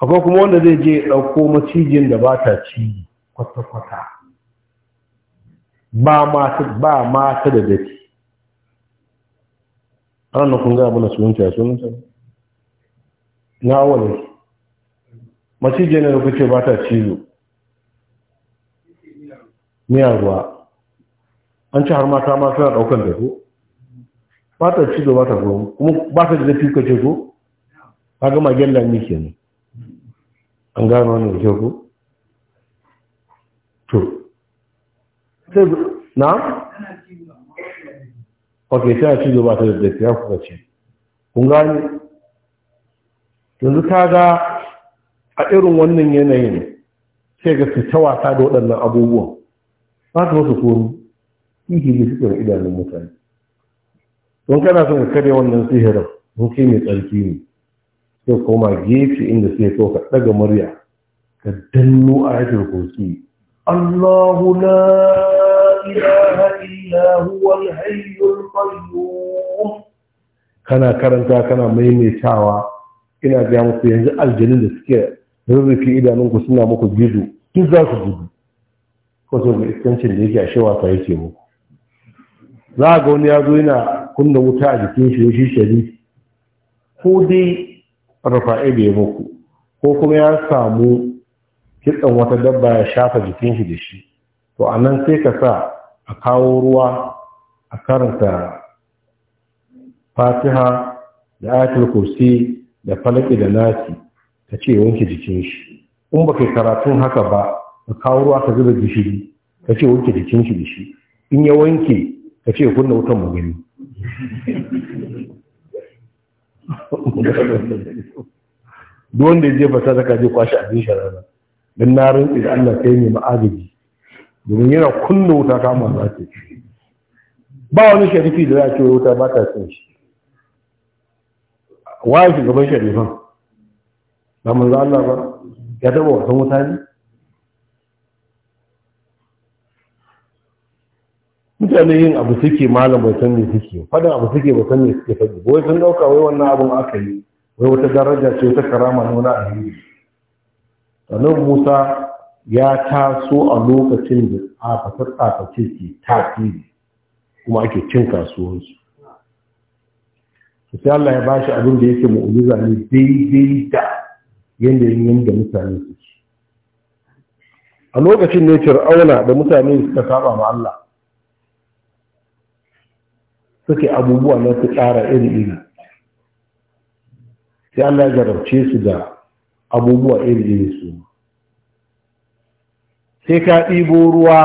akwai kuma wanda zai je ɗauko macijin da ba ta ci kwata-kwata ba ba mata da dafi ranar kun gaba na sunanta sunanta na wani macijiyar da kuke ba ta cizo miyar ruwa an ci har mata ma suna ɗaukan da ko ba ta cizo ba ta ruwa kuma ba ta da zafi kace ko ka gama gyalla ne kenan an gano wani da ko to sai na ok tana cizo ba ta da zafi ya kuka ce kun gani yanzu ta ga a irin wannan yanayin sai ga su ta wasa da waɗannan abubuwan ba su wasu komi sihiri suke idanun mutane don kana son ka karya wannan sihirin mun kai mai tsarki ne sai koma gefe inda sai so ka ɗaga murya ka danno a yakin kurki Allahu la ilaha illa al hayyul qayyum kana karanta kana maimaitawa ina ga musu yanzu aljinin da suke rurrufe idanunku suna muku gizo duk za su gudu ko ga iskancin da yake a shewa yake muku za ga wani ya zo yana kunna wuta a jikin shi shi shari ko dai rafa'i da ya muku ko kuma ya samu kitsan wata dabba ya shafa jikin shi da shi to a nan sai ka sa a kawo ruwa a karanta fatiha da ayatul kursi da falaki da nasi ka ce wanke jikin shi in baka karatun haka ba ka kawo ruwa ka zuba gishiri ka ce wanke jikin shi shi in ya wanke ka ce kunna wutan mu gani duk wanda je jefa sadaka zai kwashi abin sharara dan na rantsi da Allah kai ne ma'agaji domin yana kunna wuta kama za ta ba wani sharifi da za a ce wuta ba ta son shi wa shugaban sharifan ba manzo Allah ba ya taba wasan wuta ne mutane yin abu suke malam bai san me suke faɗin abu suke bai san me suke faɗi wai sun dauka wai wannan abun aka yi wai wata daraja ce wata karama nuna a yi sannan Musa ya taso a lokacin da fasar tsaface ke tasiri kuma ake cin kasuwansu sai Allah ya bashi abin da yake mu'ujiza ne daidai da yadda yadda mutane su ci a lokacin ne fir'auna da mutane suka saba ma Allah suke abubuwa na su ƙara iri iri sai Allah ya jarabce su da abubuwa iri iri su sai ka ɗibo ruwa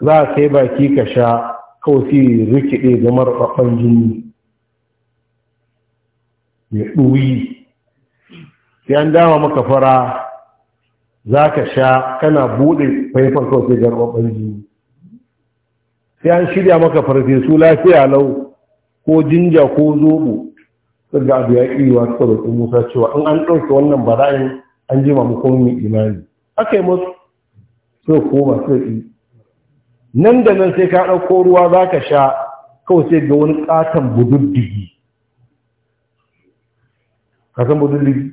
za a kai baki ka sha kawai sai rikide ga marɓaɓɓen jini mai ɗuyi sai an dama maka fara za ka sha kana buɗe faifan kawai sai garɓaɓɓen sai an shirya maka farfesu lafiya lau ko jinja ko zobo daga abu ya ƙi wa suka roƙi musa cewa in an ɗauke wannan bara'in an jima mu kuma mai imani aka yi musu sai koma sai ƙi nan da nan sai ka ɗauko ruwa za ka sha kawai sai ga wani ƙaton bududdigi ka san bududdigi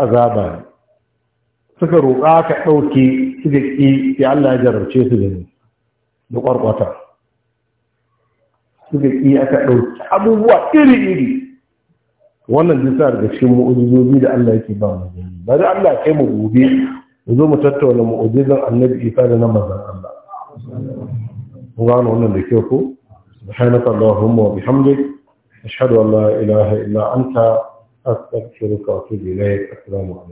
azaba suka roƙa ka ɗauke suka ƙi ya Allah ya jarabce su da ni da ƙwarƙwata suka ƙi aka ɗauki abubuwa iri-iri wannan jisa daga cikin mu'ujizobi da Allah yake ba mu gani ba da Allah kai mu gobe mu zo mu tattauna mu'ujizan annabi Isa da na mazan Allah gano wannan da kyau ko subhanaka allahumma wa bihamdik ashhadu an la ilaha illa anta أستغفرك وأتوب إليك السلام عليكم